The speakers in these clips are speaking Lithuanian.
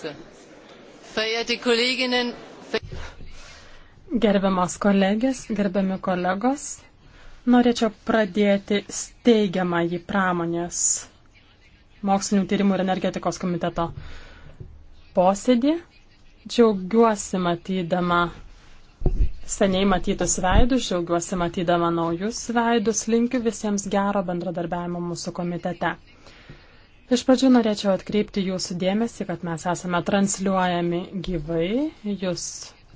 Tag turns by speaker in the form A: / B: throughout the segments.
A: Gerbiamas
B: kolegės, gerbiami kolegos, norėčiau pradėti steigiamą į pramonės mokslinių tyrimų ir energetikos komiteto posėdį. Džiaugiuosi matydama seniai matytus veidus, džiaugiuosi matydama naujus veidus, linkiu visiems gero bendradarbiavimo mūsų komitete. Iš pradžių norėčiau atkreipti jūsų dėmesį, kad mes esame transliuojami gyvai, jūs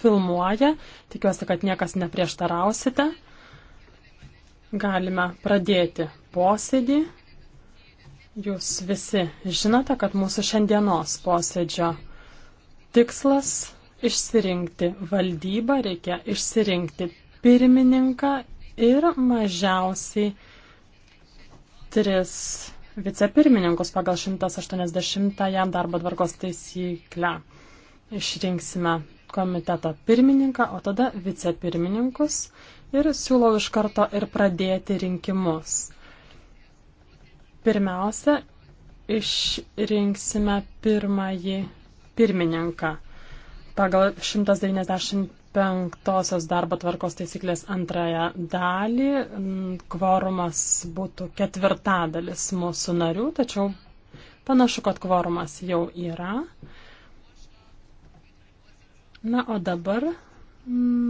B: filmuoja, tikiuosi, kad niekas neprieštarausite. Galime pradėti posėdį. Jūs visi žinote, kad mūsų šiandienos posėdžio tikslas išsirinkti valdybą, reikia išsirinkti pirmininką ir mažiausiai tris vicepirmininkus pagal 180 darbo tvarkos taisyklę. Išrinksime komiteto pirmininką, o tada vicepirmininkus ir siūlau iš karto ir pradėti rinkimus. Pirmiausia, išrinksime pirmąjį pirmininką pagal 195 darbo tvarkos taisyklės antrąją dalį kvorumas būtų ketvirtadalis mūsų narių, tačiau panašu, kad kvorumas jau yra. Na, o dabar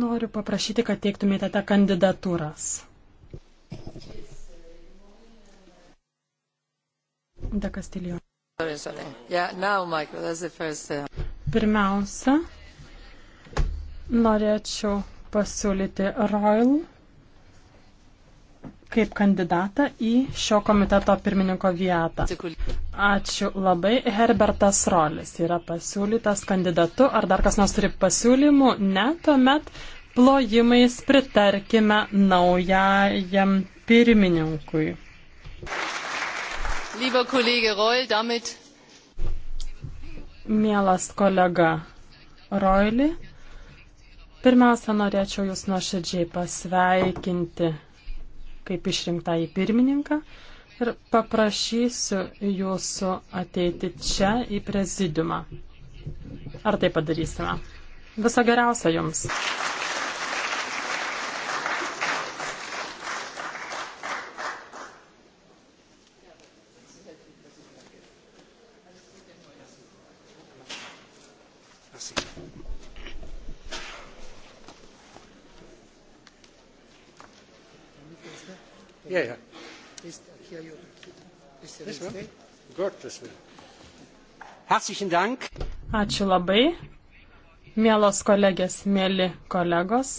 B: noriu paprašyti, kad teiktumėte tą kandidatūras. De Castillo. Uh, Pirmiausia, Norėčiau pasiūlyti Royal kaip kandidatą į šio komiteto pirmininko vietą. Ačiū labai. Herbertas Rolis yra pasiūlytas kandidatu. Ar dar kas nors turi pasiūlymų? Ne, tuomet plojimais pritarkime naujajam pirmininkui.
A: Lieber Kollege
B: Reul, damit. Mielas kolega Roili, Pirmiausia, norėčiau Jūs nuoširdžiai pasveikinti kaip išrinktą į pirmininką ir paprašysiu Jūsų ateiti čia į prezidiumą. Ar tai padarysime? Viso geriausio Jums. Ačiū labai. Mielos kolegės, mėly kolegos.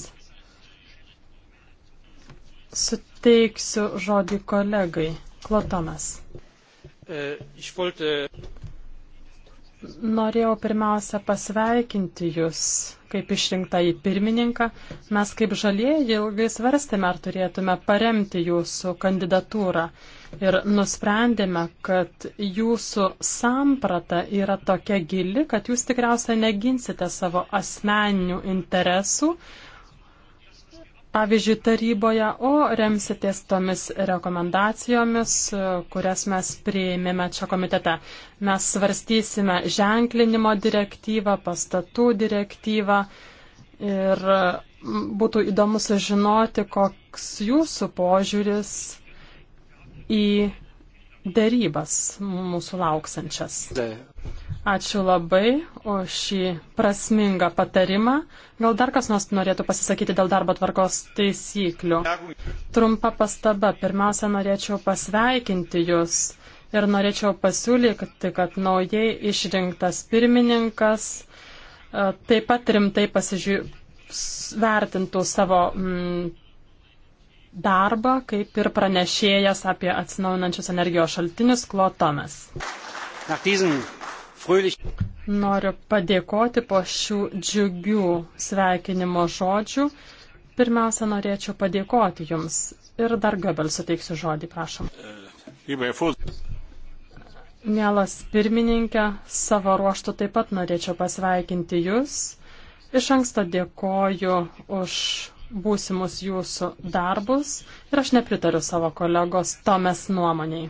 B: Suteiksiu žodį kolegai. Klotonas. E, Norėjau pirmiausia pasveikinti Jūs kaip išrinktą į pirmininką. Mes kaip žalieji ilgai svarstėme, ar turėtume paremti Jūsų kandidatūrą ir nusprendėme, kad Jūsų samprata yra tokia gili, kad Jūs tikriausiai neginsite savo asmeninių interesų, pavyzdžiui, taryboje, o remsitės tomis rekomendacijomis, kurias mes prieimėme čia komitete. Mes svarstysime ženklinimo direktyvą, pastatų direktyvą ir būtų įdomu sužinoti, koks jūsų požiūris į dėrybas mūsų lauksančias. Ačiū labai už šį prasmingą patarimą. Gal dar kas nors norėtų pasisakyti dėl darbo tvarkos taisyklių? Trumpa pastaba. Pirmiausia, norėčiau pasveikinti Jūs ir norėčiau pasiūlyti, kad naujai išrinktas pirmininkas e, taip pat rimtai pasižiū... vertintų savo mm, darbą, kaip ir pranešėjas apie atsinaujinančius energijos šaltinius Klotomas. Nach diesen Noriu padėkoti po šių džiugių sveikinimo žodžių. Pirmiausia, norėčiau padėkoti Jums. Ir dar Gabel suteiksiu žodį, prašom. Mielas pirmininkė, savo ruoštų taip pat norėčiau pasveikinti Jūs. Iš anksto dėkoju už būsimus Jūsų darbus ir aš nepritariu savo kolegos Tomės nuomoniai.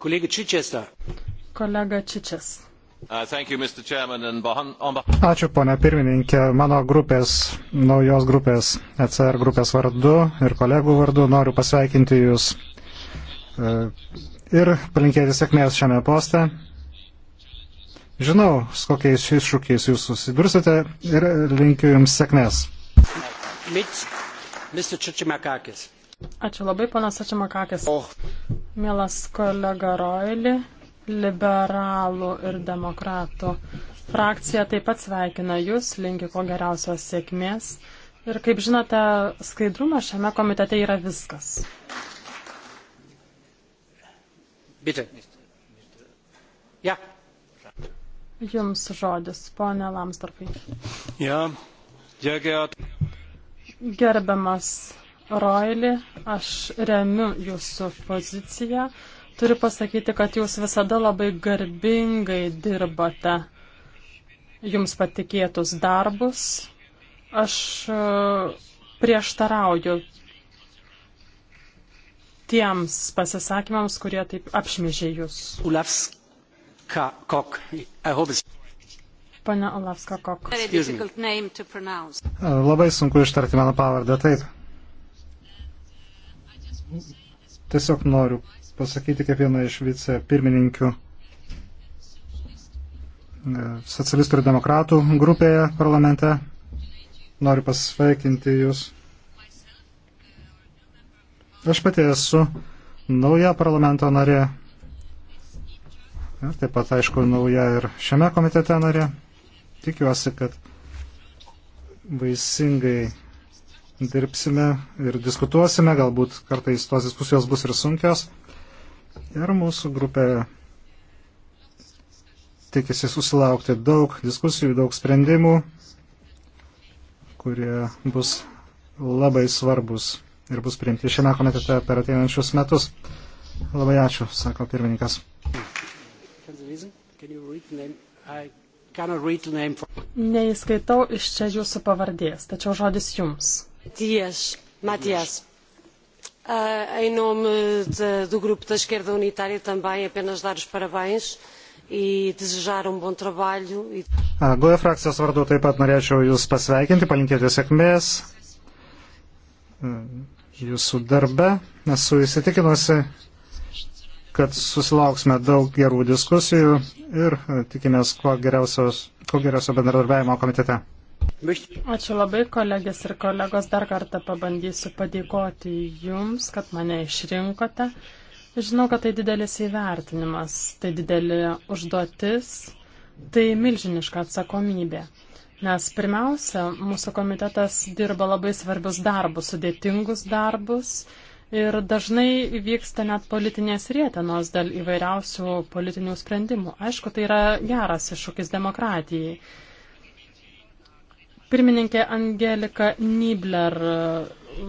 B: Kolega Čičesta. Kolega Čičes. Ačiū,
A: ponia pirmininkė. Mano grupės, naujos grupės, ECR grupės vardu ir kolegų vardu noriu pasveikinti Jūs uh, ir palinkėti sėkmės šiame poste. Žinau, su kokiais iššūkiais Jūs susidursite ir linkiu Jums sėkmės.
B: Mit Mr. Čičimakakis. Ačiū labai, panas Ačiamakakis. Oh. Mielas kolega Roili, liberalų ir demokratų frakcija taip pat sveikina Jūs, linkiu ko geriausios sėkmės. Ir kaip žinote, skaidrumas šiame komitete yra viskas.
A: Bitte. Ja.
B: Jums žodis, ponė Lamstorpai.
A: Ja, sehr geehrt.
B: Gerbiamas Roili, aš remiu jūsų poziciją. Turiu pasakyti, kad jūs visada labai garbingai dirbate jums patikėtus darbus. Aš e, prieštarauju tiems pasisakymams, kurie taip apšmėžė jūs. Ulavska Kok. Pane Ulavska Kok.
A: Labai sunku ištarti mano pavardę, taip tiesiog noriu pasakyti kaip viena iš vice pirmininkių e, socialistų ir demokratų grupėje parlamente. Noriu pasveikinti Jūs. Aš pati esu nauja parlamento narė. Ir taip pat, aišku, nauja ir šiame komitete narė. Tikiuosi, kad vaisingai dirbsime ir diskutuosime, galbūt kartais tos diskusijos bus ir sunkios. Ir mūsų grupė tikisi susilaukti daug diskusijų, daug sprendimų, kurie bus labai svarbus ir bus priimti šiame komitete per ateinančius metus. Labai ačiū, sako pirmininkas.
B: Neįskaitau iš čia jūsų pavardės, tačiau žodis jums. Matias, Matias. Uh, em nome de, do grupo da esquerda unitária também apenas dar os parabéns į desejar un bon trabalho.
A: GUE frakcijos vardu taip pat norėčiau Jūs pasveikinti, palinkėti sėkmės Jūsų darbe. Esu įsitikinusi, kad susilauksime daug gerų diskusijų ir tikimės kuo, kuo geriausio bendradarbiavimo komitete.
B: Ačiū labai, kolegės ir kolegos. Dar kartą pabandysiu padėkoti Jums, kad mane išrinkote. Žinau, kad tai didelis įvertinimas, tai didelė užduotis, tai milžiniška atsakomybė. Nes pirmiausia, mūsų komitetas dirba labai svarbius darbus, sudėtingus darbus. Ir dažnai vyksta net politinės rietenos dėl įvairiausių politinių sprendimų. Aišku, tai yra geras iššūkis demokratijai. Pirmininkė Angelika Nibler e,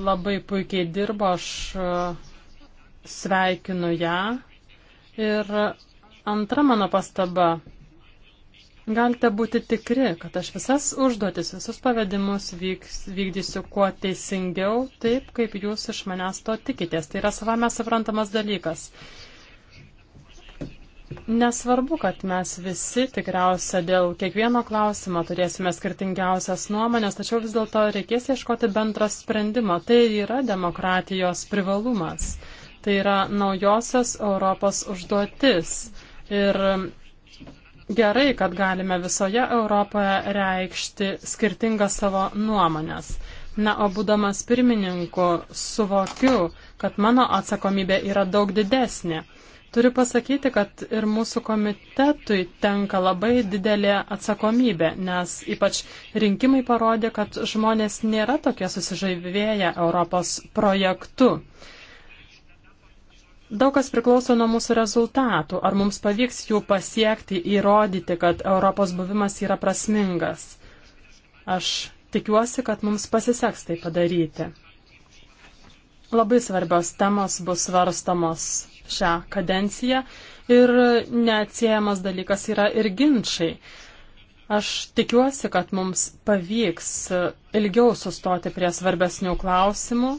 B: labai puikiai dirbo, aš e, sveikinu ją. Ir antra mano pastaba. Galite būti tikri, kad aš visas užduotis, visus pavedimus vyks, vykdysiu kuo teisingiau, taip kaip jūs iš manęs to tikitės. Tai yra savame suprantamas dalykas. Nesvarbu, kad mes visi tikriausia dėl kiekvieno klausimo turėsime skirtingiausias nuomonės, tačiau vis dėlto reikės ieškoti bendrą sprendimą. Tai yra demokratijos privalumas. Tai yra naujosios Europos užduotis. Ir gerai, kad galime visoje Europoje reikšti skirtingas savo nuomonės. Na, o būdamas pirmininku, suvokiu, kad mano atsakomybė yra daug didesnė. Turiu pasakyti, kad ir mūsų komitetui tenka labai didelė atsakomybė, nes ypač rinkimai parodė, kad žmonės nėra tokie susižaivėję Europos projektu. Daug kas priklauso nuo mūsų rezultatų, ar mums pavyks jų pasiekti, įrodyti, kad Europos buvimas yra prasmingas. Aš tikiuosi, kad mums pasiseks tai padaryti. Labai svarbios temos bus svarstamos šią kadenciją ir neatsiejamas dalykas yra ir ginčiai. Aš tikiuosi, kad mums pavyks ilgiau sustoti prie svarbesnių klausimų,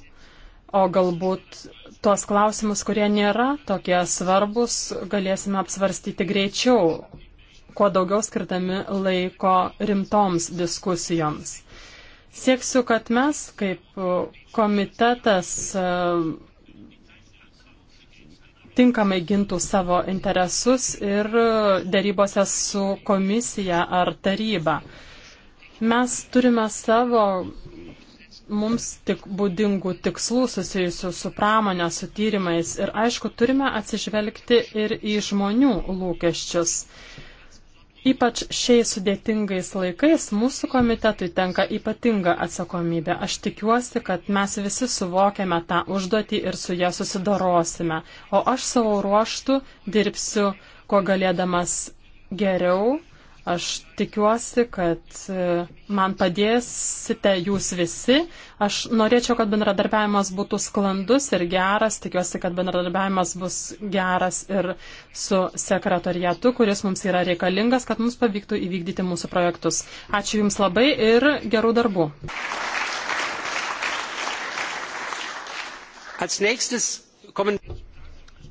B: o galbūt tuos klausimus, kurie nėra tokie svarbus, galėsime apsvarstyti greičiau, kuo daugiau skirtami laiko rimtoms diskusijoms. Sieksiu, kad mes kaip komitetas tinkamai gintų savo interesus ir dėrybose su komisija ar taryba. Mes turime savo mums tik būdingų tikslų susijusių su pramonė, su tyrimais ir aišku, turime atsižvelgti ir į žmonių lūkesčius. Ypač šiais sudėtingais laikais mūsų komitetui tenka ypatinga atsakomybė. Aš tikiuosi, kad mes visi suvokiame tą užduotį ir su ją susidorosime. O aš savo ruoštų dirbsiu, kuo galėdamas geriau Aš tikiuosi, kad e, man padėsite jūs visi. Aš norėčiau, kad bendradarbiavimas būtų sklandus ir geras. Tikiuosi, kad bendradarbiavimas bus geras ir su sekretariatu, kuris mums yra reikalingas, kad mums pavyktų įvykdyti mūsų projektus. Ačiū Jums labai ir gerų darbų. Als nächstes kommen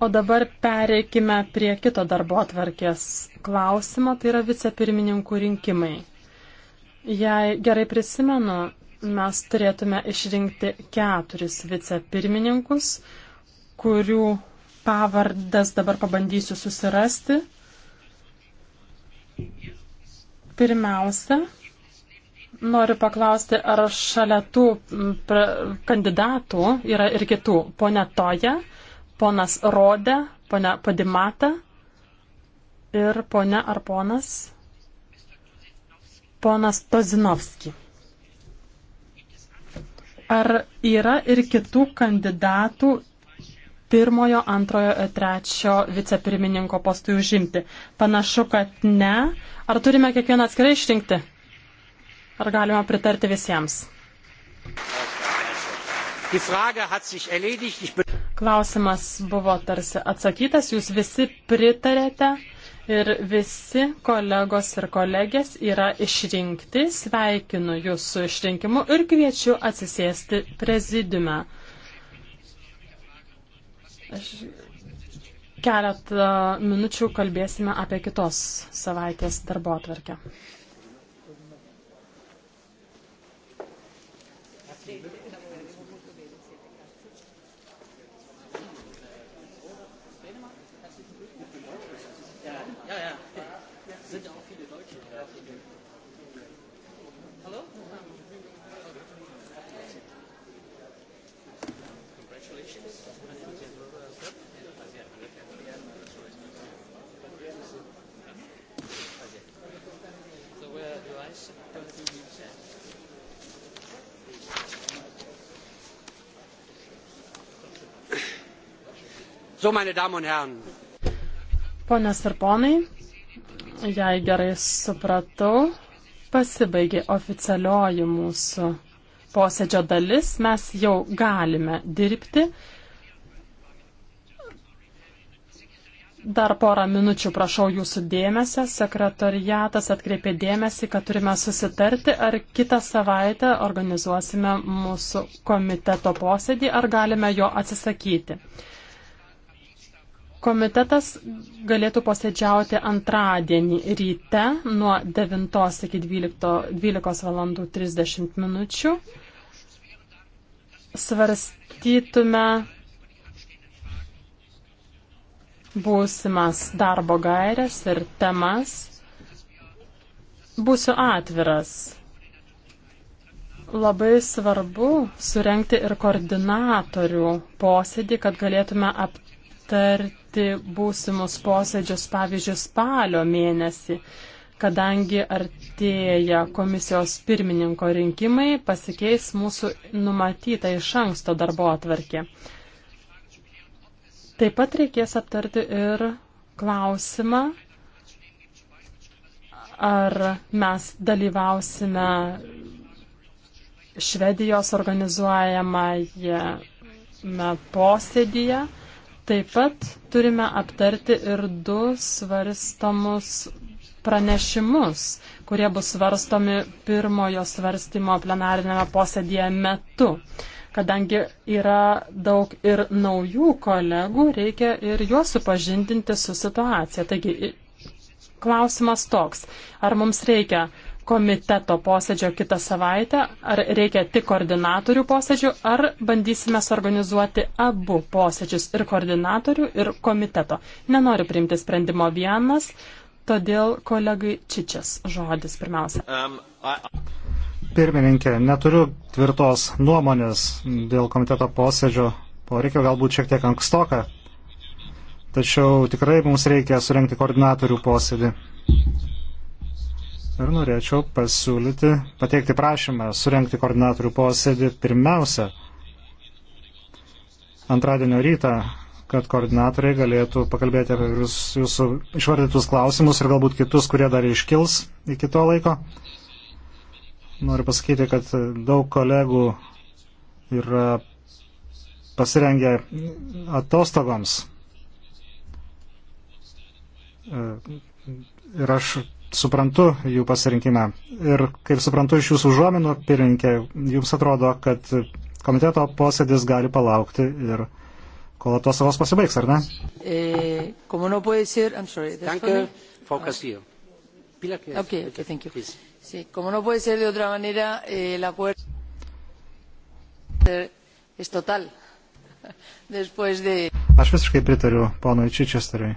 B: O dabar pereikime prie kito darbo atvarkės klausimo, tai yra vicepirmininkų rinkimai. Jei gerai prisimenu, mes turėtume išrinkti keturis vicepirmininkus, kurių pavardas dabar pabandysiu susirasti. Pirmiausia, noriu paklausti, ar šalia tų kandidatų yra ir kitų. Pone Toja, ponas Rodė, ponia Padimata ir ponia ar ponas ponas Tozinovski. Ar yra ir kitų kandidatų pirmojo, antrojo ir trečio vicepirmininko postui užimti? Panašu, kad ne. Ar turime kiekvieną atskirai išrinkti? Ar galima pritarti visiems?
A: Die Frage hat sich erledigt. Ich
B: Klausimas buvo tarsi atsakytas, jūs visi pritarėte ir visi kolegos ir kolegės yra išrinkti. Sveikinu jūs su išrinkimu ir kviečiu atsisėsti prezidiume. Aš keletą minučių kalbėsime apie kitos savaitės darbo atvarkę. So,
A: meine Damen und Herren.
B: Ponios ir ponai, jei gerai supratau, pasibaigė oficialioji mūsų posėdžio dalis, mes jau galime dirbti. Dar porą minučių prašau jūsų dėmesio. Sekretariatas atkreipė dėmesį, kad turime susitarti, ar kitą savaitę organizuosime mūsų komiteto posėdį, ar galime jo atsisakyti. Komitetas galėtų posėdžiauti antradienį ryte nuo 9 iki 12, 12 valandų 30 minučių. Svarstytume būsimas darbo gairias ir temas. Būsiu atviras. Labai svarbu surenkti ir koordinatorių posėdį, kad galėtume aptarti būsimus posėdžius, pavyzdžiui, spalio mėnesį kadangi artėja komisijos pirmininko rinkimai, pasikeis mūsų numatyta iš anksto darbo atvarkė. Taip pat reikės aptarti ir klausimą, ar mes dalyvausime Švedijos organizuojamąjame posėdyje. Taip pat turime aptarti ir du svarstamus pranešimus, kurie bus svarstomi pirmojo svarstymo plenarinėme posėdėje metu. Kadangi yra daug ir naujų kolegų, reikia ir juos supažindinti su situacija. Taigi klausimas toks, ar mums reikia komiteto posėdžio kitą savaitę, ar reikia tik koordinatorių posėdžių, ar bandysime suorganizuoti abu posėdžius ir koordinatorių, ir komiteto. Nenoriu priimti sprendimo vienas, todėl kolegai Čičias žodis pirmiausia. Um, I
A: pirmininkė, neturiu tvirtos nuomonės dėl komiteto posėdžio poreikio, galbūt šiek tiek ankstoka, tačiau tikrai mums reikia surenkti koordinatorių posėdį. Ir norėčiau pasiūlyti, pateikti prašymą surenkti koordinatorių posėdį pirmiausia antradienio rytą, kad koordinatoriai galėtų pakalbėti apie jūsų išvardytus klausimus ir galbūt kitus, kurie dar iškils iki to laiko. Noriu pasakyti, kad daug kolegų yra pasirengę atostogoms. Ir aš suprantu jų pasirinkimą. Ir kaip suprantu iš jūsų užuominų, pirinkė, jums atrodo, kad komiteto posėdis gali palaukti ir kol atostogos pasibaigs, ar ne?
B: E, no ser, sorry, Danke,
A: Frau Castillo. Ah,
B: okay, okay, thank you. Please. Sí, como no puede ser de otra manera, eh, el acuerdo es total. Después de...
A: Aš visiškai pritariu ponui Čičesteriui.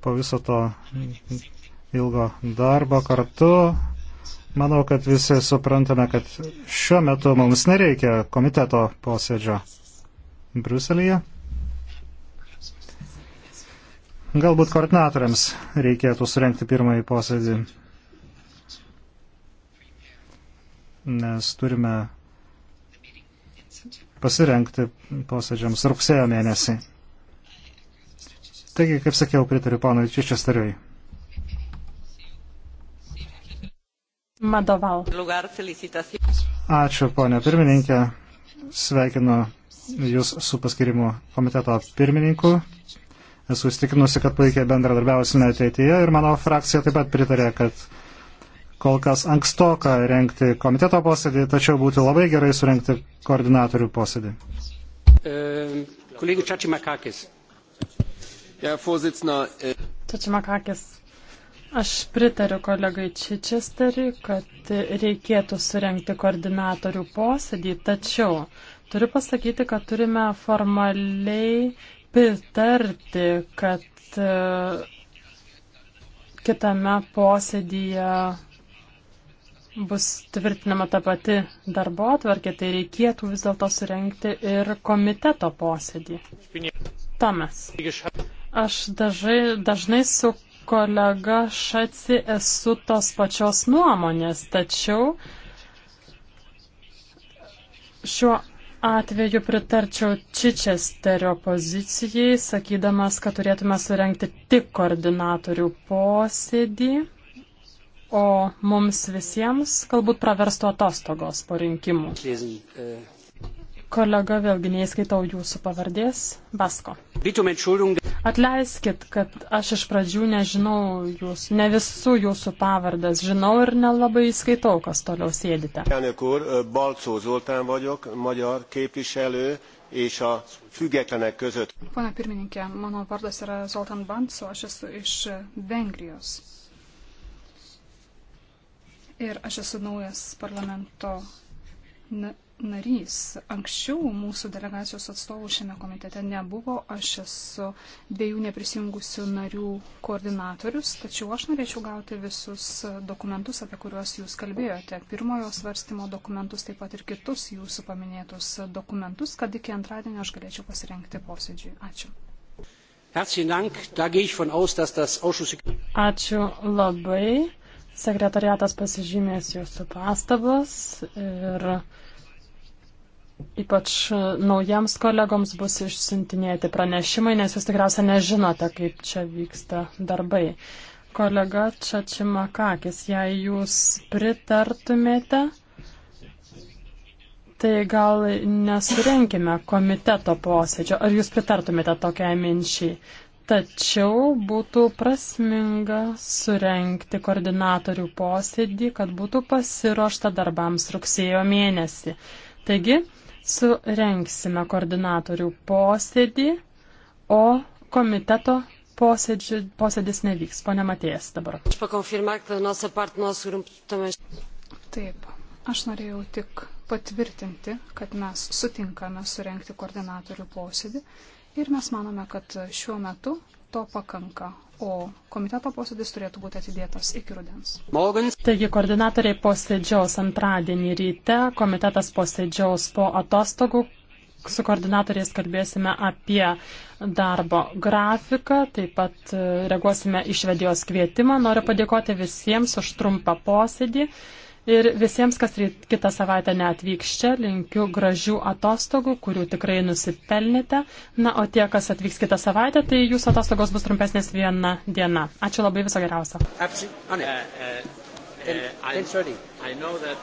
A: Po viso to ilgo darbo kartu, manau, kad visi suprantame, kad šiuo metu mums nereikia komiteto posėdžio Bruselėje. Galbūt koordinatoriams reikėtų surenkti pirmąjį posėdį, nes turime pasirenkti posėdžiams rugsėjo mėnesį. Taigi, kaip sakiau, pritariu ponui Čičesteriui. Madovau. Ačiū, ponė pirmininkė. Sveikinu Jūs su paskirimu komiteto pirmininku. Esu įstikinusi, kad puikiai bendradarbiausime ateityje ir mano frakcija taip pat pritarė, kad kol kas ankstoka renkti komiteto posėdį, tačiau būtų labai gerai surenkti koordinatorių posėdį. Kolegų Čačimakakis. Čačimakakis.
B: Äh, Aš pritariu kolegai Čičesteriui, kad reikėtų surenkti koordinatorių posėdį, tačiau turiu pasakyti, kad turime formaliai pritarti, kad e, kitame posėdyje bus tvirtinama ta pati darbo atvarkė, tai reikėtų vis dėlto surenkti ir komiteto posėdį. Tomas. Aš dažai, dažnai su kolega Šaci esu tos pačios nuomonės, tačiau šiuo atveju pritarčiau Čičesterio pozicijai, sakydamas, kad turėtume surenkti tik koordinatorių posėdį, o mums visiems galbūt praverstų atostogos po rinkimų. Kolega, vėlgi neįskaitau jūsų pavardės. Basko. Atleiskit, kad aš iš pradžių nežinau jūs, ne visų jūsų pavardės žinau ir nelabai įskaitau, kas toliau
A: sėdite. Elnök úr, Balcó Zoltán vagyok, magyar képviselő és a függetlenek között.
B: Pana pirmininkė, mano vardas yra Zoltán Balcó, aš esu iš Vengrijos. Ir aš esu naujas parlamento narys. Anksčiau mūsų delegacijos atstovų šiame komitete nebuvo, aš esu dviejų neprisijungusių narių koordinatorius, tačiau aš norėčiau gauti visus dokumentus, apie kuriuos jūs kalbėjote. Pirmojo svarstymo dokumentus, taip pat ir kitus jūsų paminėtus dokumentus, kad iki antradienio aš galėčiau pasirengti posėdžiui. Ačiū. Ačiū labai. Sekretariatas pasižymės jūsų pastabas ir Ypač e, naujiems kolegoms bus išsintinėti pranešimai, nes jūs tikriausiai nežinote, kaip čia vyksta darbai. Kolega Čačimakakis, jei jūs pritartumėte, tai gal nesurenkime komiteto posėdžio. Ar jūs pritartumėte tokiai minčiai? Tačiau būtų prasminga surenkti koordinatorių posėdį, kad būtų pasiruošta darbams rugsėjo mėnesį. Taigi, surenksime koordinatorių posėdį, o komiteto posėdži, posėdis nevyks. Pone Matėjas dabar. Taip, aš norėjau tik patvirtinti, kad mes sutinkame surenkti koordinatorių posėdį Ir mes manome, kad šiuo metu to pakanka, o komiteto posėdis turėtų būti atidėtas iki rudens. Taigi koordinatoriai posėdžiaus antradienį ryte, komitetas posėdžiaus po atostogų. Su koordinatoriais kalbėsime apie darbo grafiką, taip pat e, reaguosime į švedijos kvietimą. Noriu padėkoti visiems už trumpą posėdį. Ir visiems, kas kitą savaitę neatvyks čia, linkiu gražių atostogų, kurių tikrai nusipelnite. Na, o tie, kas atvyks kitą savaitę, tai jūsų atostogos bus trumpesnės viena diena. Ačiū labai, viso geriausio.
A: Absolutely.